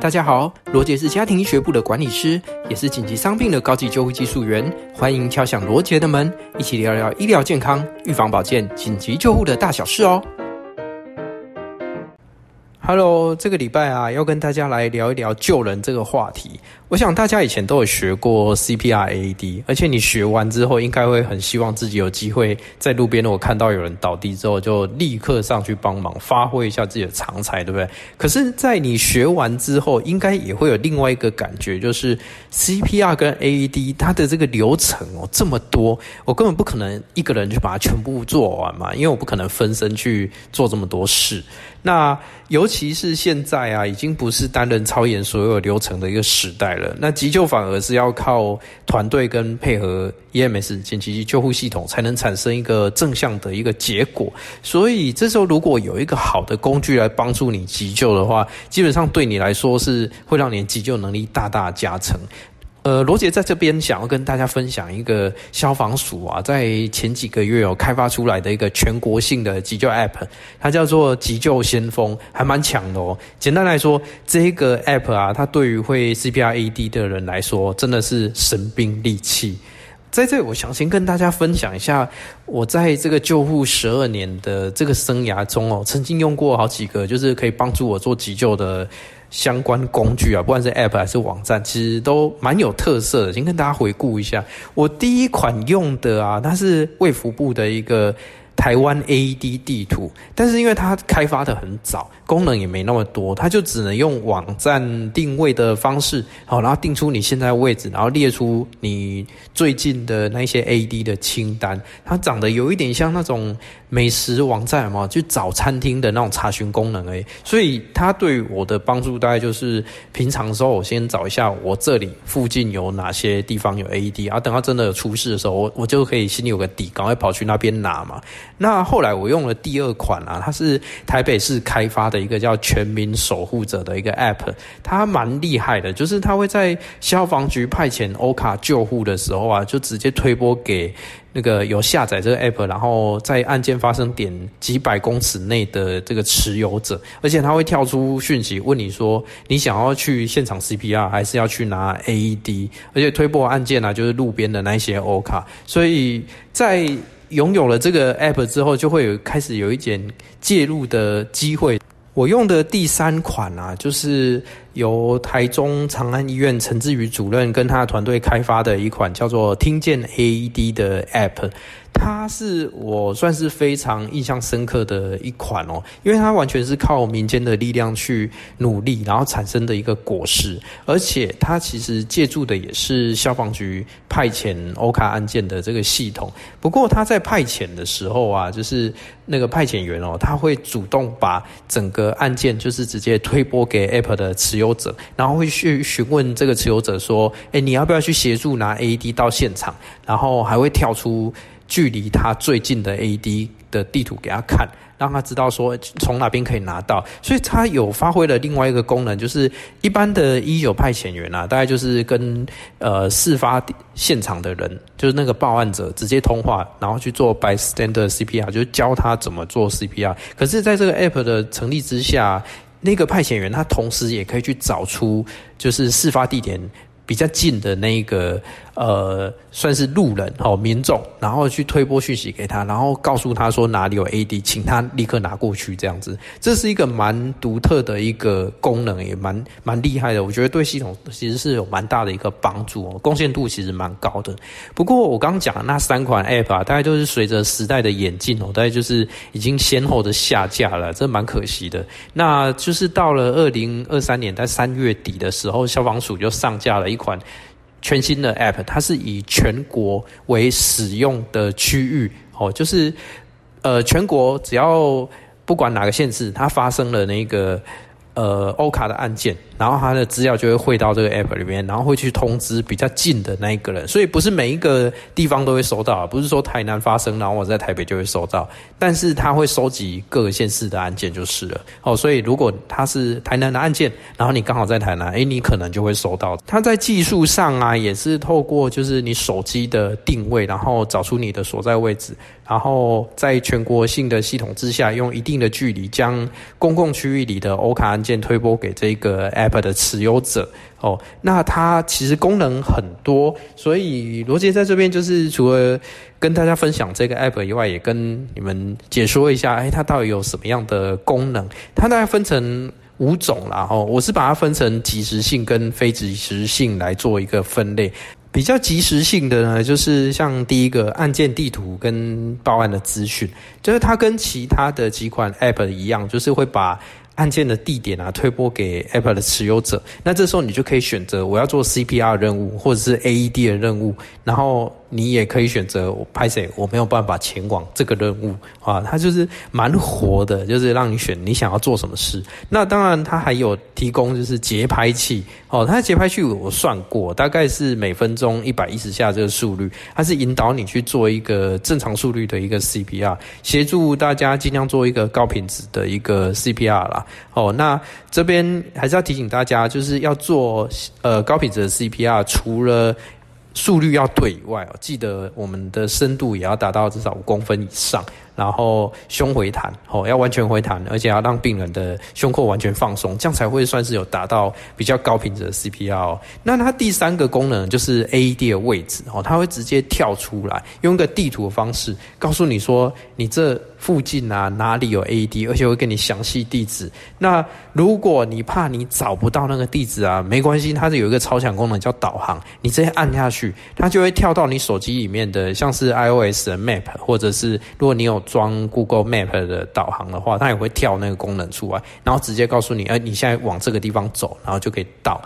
大家好，羅傑是家庭醫學部的管理師，也是緊急傷病的高級救護技術員。歡迎敲響羅傑的門，一起聊聊醫療健康、預防保健、緊急救護的大小事哦。哈嘍，這個禮拜啊，要跟大家來聊一聊救人這個話題。我想大家以前都有學過 CPR、AED，而且你學完之後，應該會很希望自己有機會在路邊，我看到有人倒地之後，就立刻上去幫忙，發揮一下自己的長才，對不對？可是，在你學完之後，應該也會有另外一個感覺，就是 CPR 跟 AED 它的這個流程哦，這麼多，我根本不可能一個人就把它全部做完嘛，因為我不可能分身去做這麼多事。那尤其是現在啊，已經不是單人操演所有流程的一個時代了。那急救反而是要靠團隊跟配合 EMS 緊急救護系統，才能產生一個正向的一個結果。所以這時候，如果有一個好的工具來幫助你急救的話，基本上對你來說是會讓你的急救能力大大加成。呃，羅杰在這邊想要跟大家分享一個消防署啊，在前幾個月有、哦、開發出來的一個全國性的急救 App，它叫做急救先鋒，還蠻強的哦。簡單來說，這個 App 啊，它對於會 CPR AED 的人來說，真的是神兵利器。在這裡，我想先跟大家分享一下，我在這個救護十二年的這個生涯中哦，曾經用過好幾個，就是可以幫助我做急救的相關工具啊，不管是 App 還是網站，其實都蠻有特色的。先跟大家回顧一下，我第一款用的啊，它是衛福部的一個台灣 AED 地圖，但是因為它開發的很早。功能也沒那麼多，它就只能用網站定位的方式，好，然後定出你現在位置，然後列出你最近的那些 AED 的清單。它長得有一點像那種美食網站嘛，就找餐廳的那種查詢功能而已。所以它對我的幫助大概就是平常的時候，我先找一下我這裡附近有哪些地方有 AED，啊，等到真的有出事的時候，我我就可以心裡有個底，趕快跑去那邊拿嘛。那後來我用了第二款啊，它是台北市開發。的一個叫“全民守護者”的一個 App，它蠻厲害的，就是它會在消防局派遣歐卡救護的時候啊，就直接推播給那個有下載這個 App，然後在案件發生點幾百公尺內的這個持有者，而且它會跳出訊息問你說你想要去現場 CPR 還是要去拿 AED，而且推播案件呢、啊、就是路邊的那些歐卡，所以在擁有了這個 App 之後，就會有開始有一點介入的機會。我用的第三款啊，就是由台中長安醫院陳志宇主任跟他的團隊開發的一款叫做“聽見 AED” 的 App，它是我算是非常印象深刻的一款哦，因為它完全是靠民間的力量去努力，然後產生的一個果實，而且它其實借助的也是消防局派遣歐卡案件的這個系統。不過他在派遣的時候啊，就是那個派遣員哦，他會主動把整個案件就是直接推播給 App 的持有持有者，然後會去詢問這個持有者說：“誒、欸，你要不要去協助拿 AED 到現場？”然後還會跳出距離他最近的 AED 的地圖給他看，讓他知道說從哪邊可以拿到。所以他有發揮了另外一個功能，就是一般的119派遣員、啊，大概就是跟呃事發現場的人，就是那個報案者直接通話，然後去做 Bystander CPR，就是教他怎麼做 CPR。可是，在這個 App 的成立之下。那個派遣員，他同時也可以去找出，就是事發地點比較近的那個。呃，算是路人哦，民眾，然後去推播訊息給他，然後告訴他說哪裡有 AED，請他立刻拿過去這樣子。這是一個蠻獨特的一個功能，也蠻蠻厲害的。我覺得對系統其實是有蠻大的一個幫助哦，貢獻度其實蠻高的。不過我剛剛講的那三款 App 啊，大概都是隨着時代的演進哦，大概就是已經先後的下架了，這蠻可惜的。那就是到了二零二三年在三月底的時候，消防署就上架了一款。全新的 App，它是以全國為使用的區域，哦，就是呃全國只要不管哪個縣市，它發生了那個呃歐卡的案件。然後他的資料就會匯到這個 app 裡面，然後會去通知比較近的那一個人。所以不是每一個地方都會收到，不是說台南發生，然後我在台北就會收到。但是他會收集各個縣市的案件就是了。哦，所以如果他是台南的案件，然後你剛好在台南，誒，你可能就會收到。他在技術上啊，也是透過就是你手機的定位，然後找出你的所在位置，然後在全國性的系統之下，用一定的距離將公共區域裡的歐卡案件推播給這個 APP，APP 的持有者哦，那它其實功能很多，所以羅傑在這邊就是除了跟大家分享這個 APP 以外，也跟你們解說一下，哎，它到底有什麼樣的功能？它大概分成五種啦，哦，我是把它分成即時性跟非即時性來做一個分類。比較即時性的呢，就是像第一個案件地圖跟報案的資訊。就是它跟其他的幾款 App 一樣，就是會把案件的地點啊推播給 App 的持有者。那這時候你就可以選擇我要做 CPR 任務，或者是 AED 的任務。然後你也可以選擇拍誰，我沒有辦法前往這個任務啊。它就是蠻活的，就是讓你選你想要做什麼事。那當然，它還有提供就是節拍器哦。它的節拍器我算過，大概是每分鐘一百一十下這個速率，它是引導你去做一個正常速率的一個 CPR。協助大家儘量做一個高品質的一個 CPR 啦。哦。那這邊還是要提醒大家，就是要做呃高品質的 CPR，除了速率要對以外，記得我們的深度也要達到至少五公分以上。然後胸回彈哦，要完全回彈，而且要讓病人的胸廓完全放鬆，這樣才會算是有達到比較高品質的 CPR 哦。那它第三個功能就是 AED 的位置哦，它會直接跳出來，用一個地圖的方式告訴你說，你這附近啊哪裡有 AED，而且會給你詳細地址。那如果你怕你找不到那個地址啊，沒關係，它是有一個超強功能叫導航，你直接按下去，它就會跳到你手機裡面的，像是 iOS 的 Map，或者是如果你有裝 Google Map 的導航的話，它也會跳那個功能出來，啊，然後直接告訴你，哎，你現在往這個地方走，然後就可以到。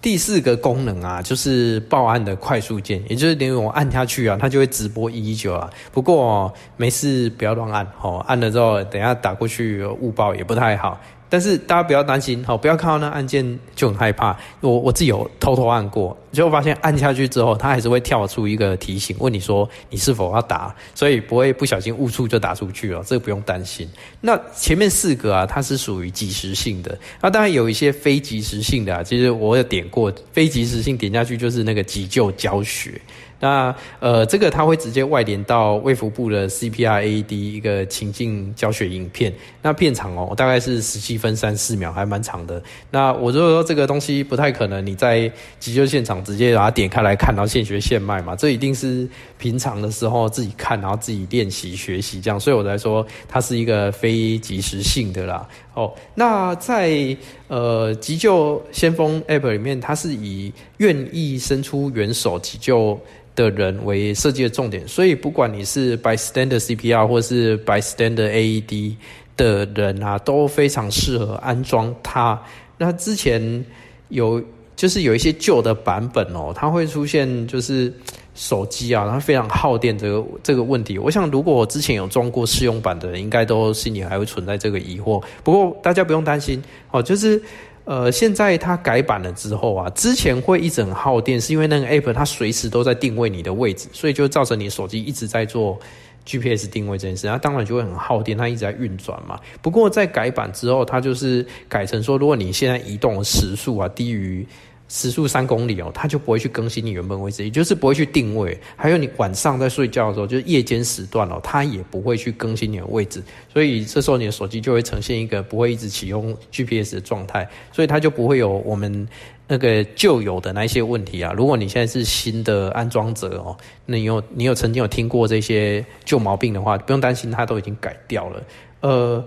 第四個功能啊，就是報案的快速鍵，也就是等於我按下去啊，它就會直撥一一九啊。不過沒事，不要亂按哦，按了之後等下打過去誤報也不太好。但是大家不要擔心，齁，不要看到那按鍵就很害怕。我我自己有偷偷按過，就發現按下去之後，它還是會跳出一個提醒，問你說你是否要打，所以不會不小心誤觸就打出去了，這個不用擔心。那前面四個啊，它是屬於即時性的，那當然有一些非即時性的啊，其實我有點過，非即時性點下去就是那個急救教學。那呃，這個它會直接外連到衛福部的 CPR AED 一個情境教學影片。那片長哦，大概是十七分三十四秒，還蠻長的。那我如果說這個東西不太可能，你在急救現場直接把它點開來看，然後現學現賣嘛，這一定是平常的時候自己看，然後自己練習學習這樣。所以我才說，它是一個非即時性的啦。哦、oh，那在呃急救先鋒 APP 裡面，它是以願意伸出援手急救的人為設計的重點，所以不管你是 bystander CPR 或是 bystander AED 的人啊，都非常適合安裝它。那之前有就是有一些舊的版本哦、喔，它會出現就是。手機啊，它非常耗電，這個這個問題，我想如果我之前有裝過試用版的人，應該都心裡還會存在這個疑惑。不過大家不用擔心哦，就是呃，現在它改版了之後啊，之前會一直很耗電，是因為那個 app 它隨時都在定位你的位置，所以就造成你手機一直在做 GPS 定位這件事，它當然就會很耗電，它一直在運轉嘛。不過在改版之後，它就是改成說，如果你現在移動時速啊低於。時速三公里哦，它就不會去更新你原本位置，也就是不會去定位。還有你晚上在睡覺的時候，就是夜間時段哦，它也不會去更新你的位置。所以這時候你的手機就會呈現一個不會一直啟用 GPS 的狀態，所以它就不會有我們那個舊有的那一些問題啊。如果你現在是新的安裝者哦，那你有你有曾經有聽過這些舊毛病的話，不用擔心，它都已經改掉了。呃。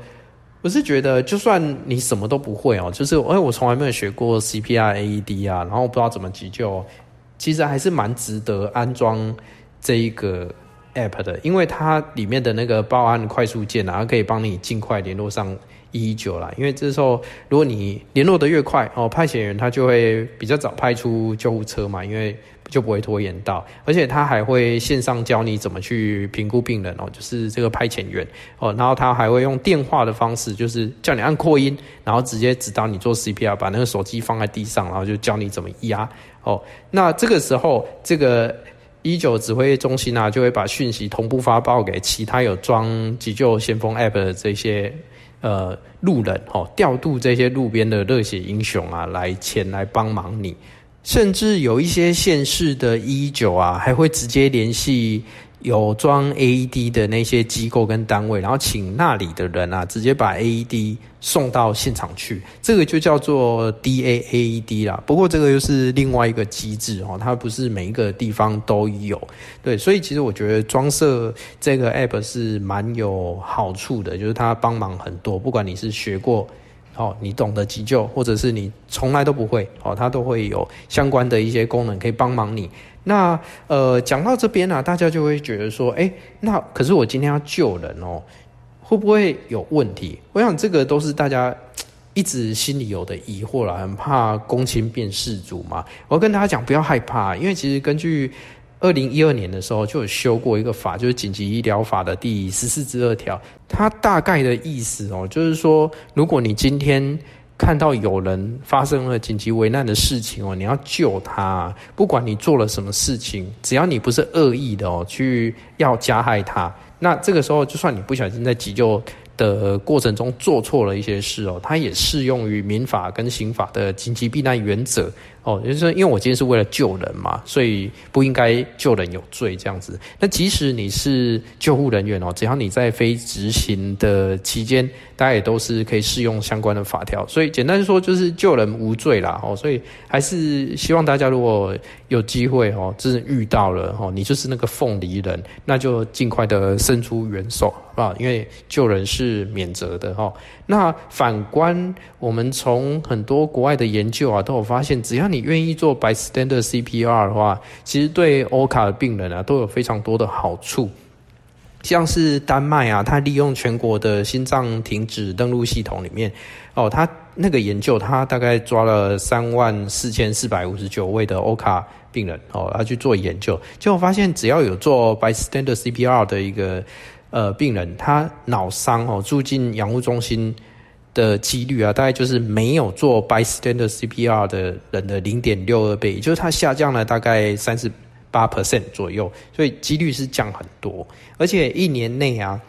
我是覺得，就算你什麼都不會哦、喔，就是哎，我從來沒有學過 CPR、AED 啊，然後我不知道怎麼急救，其實還是蠻值得安裝這一個 App 的，因為它裡面的那個報案快速鍵，然後可以幫你儘快聯絡上。一九啦因為這時候如果你聯絡得越快哦，派遣員他就會比較早派出救護車嘛，因為就不會拖延到。而且他還會線上教你怎麼去評估病人哦，就是這個派遣員哦，然後他還會用電話的方式，就是叫你按擴音，然後直接指導你做 CPR，把那個手機放在地上，然後就教你怎麼壓哦。那這個時候，這個一一九指揮中心呢、啊，就會把訊息同步發報給其他有裝急救先鋒 App 的這些。呃，路人吼調、哦、度這些路邊的熱血英雄啊，來前來幫忙你，甚至有一些縣市的119啊，還會直接聯繫，有裝 AED 的那些機構跟單位，然後請那裡的人啊，直接把 AED 送到現場去，這個就叫做 DAAED 啦。不過這個又是另外一個機制哦，它不是每一個地方都有。對，所以其實我覺得裝設這個 app 是蠻有好處的，就是它幫忙很多，不管你是學過哦，你懂得急救，或者是你從來都不會哦，它都會有相關的一些功能可以幫忙你。那呃，講到這邊、啊、大家就會覺得說，哎、欸，那可是我今天要救人哦、喔，會不會有問題？我想這個都是大家一直心裡有的疑惑啦，很怕公親變事主嘛。我跟大家講，不要害怕，因為其實根據二零一二年的時候就有修過一個法，就是緊急醫療法的第十四之二條，它大概的意思哦、喔，就是說，如果你今天。看到有人發生了緊急危難的事情哦，你要救他，不管你做了什麼事情，只要你不是惡意的哦，去要加害他，那這個時候就算你不小心在急救，的過程中做錯了一些事哦，他也適用於民法跟刑法的緊急避難原則哦，就是因為我今天是為了救人嘛，所以不應該救人有罪這樣子。那即使你是救護人員哦，只要你在非執行的期間，大家也都是可以適用相關的法條。所以簡單說就是救人無罪啦哦，所以還是希望大家如果有機會哦，真、就是遇到了哦，你就是那個鳳梨人，那就儘快的伸出援手，啊、因為救人是。是免責的。那反觀，我們從很多國外的研究啊，都有發現，只要你願意做 bystander CPR 的話，其實對 OCA 的病人啊，都有非常多的好處。像是丹麥啊，它利用全國的心臟停止登錄系統裡面，哦，它那個研究，它大概抓了三萬四千四百五十九位的 OCA 病人哦，它去做研究，結果發現，只要有做 bystander CPR 的一個。呃，病人他腦傷哦，住進養護中心的幾率啊，大概就是沒有做 bystander CPR 的人的零點六二倍，就是他下降了大概三十八 percent 左右，所以幾率是降很多，而且一年內啊。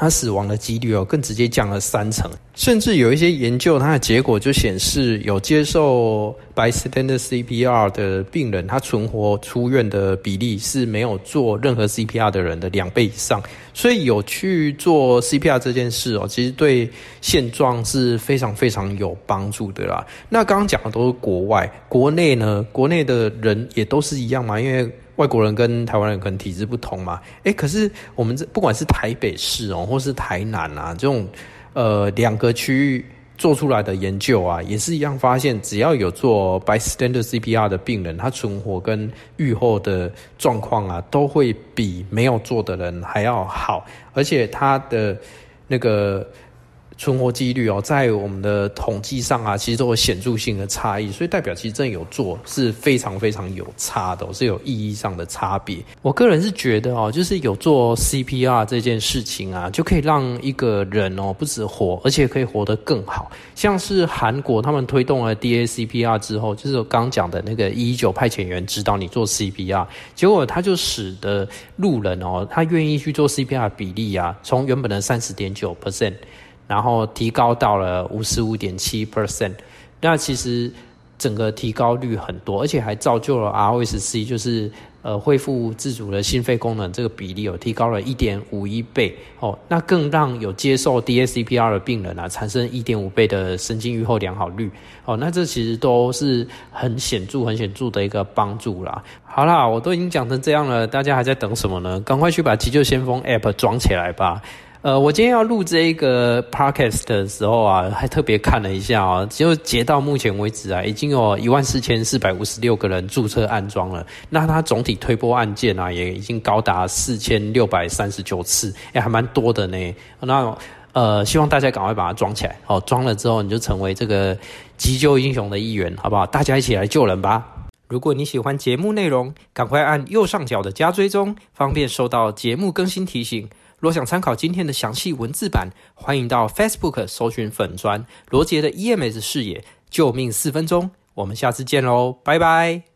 他死亡的幾率哦，更直接降了三成，甚至有一些研究，它的結果就顯示，有接受 bystander CPR 的病人，他存活出院的比例是沒有做任何 CPR 的人的兩倍以上。所以有去做 CPR 這件事哦，其實對現狀是非常非常有幫助的啦。那剛剛講的都是國外，國內呢？國內的人也都是一樣嘛，因為。外國人跟台灣人可能體質不同嘛？誒，可是我們這不管是台北市哦，或是台南啊，這種呃兩個區域做出來的研究啊，也是一樣發現，只要有做 bystander CPR 的病人，他存活跟預後的狀況啊，都會比沒有做的人還要好，而且他的那個。存活幾率哦，在我們的統計上啊，其實都有顯著性的差異，所以代表其實真的有做是非常非常有差的，是有意義上的差別。我個人是覺得哦，就是有做 CPR 這件事情啊，就可以讓一個人哦不只活，而且可以活得更好。像是韓國他們推動了 DACPR 之後，就是我剛講的那個119派遣員指導你做 CPR，結果他就使得路人哦，他願意去做 CPR 的比例啊，從原本的三十點九 percent。然後提高到了五十五點七 percent，那其實整個提高率很多，而且還造就了 ROSC，o 就是呃恢復自主的心肺功能這個比例有、哦、提高了一點五一倍哦，那更讓有接受 DSCPR 的病人啊產生一點五倍的神經愈後良好率哦，那這其實都是很顯著、很顯著的一個幫助啦。好啦，我都已經講成這樣了，大家還在等什麼呢？趕快去把急救先鋒 app 裝起來吧！呃，我今天要錄這個 podcast 的時候啊，還特別看了一下啊、喔，就截到目前為止啊，已經有一萬四千四百五十六個人注冊安裝了。那它總體推播案件啊，也已經高達四千六百三十九次，哎、欸，還蠻多的呢。那呃，希望大家趕快把它裝起來哦，裝、喔、了之後你就成為這個急救英雄的一員，好不好？大家一起來救人吧！如果你喜歡節目內容，趕快按右上角的加追蹤，方便收到節目更新提醒。若想參考今天的詳細文字版，歡迎到 Facebook 搜尋粉專羅傑的 EMS 視野，救命四分鐘。我們下次見嘍，拜拜。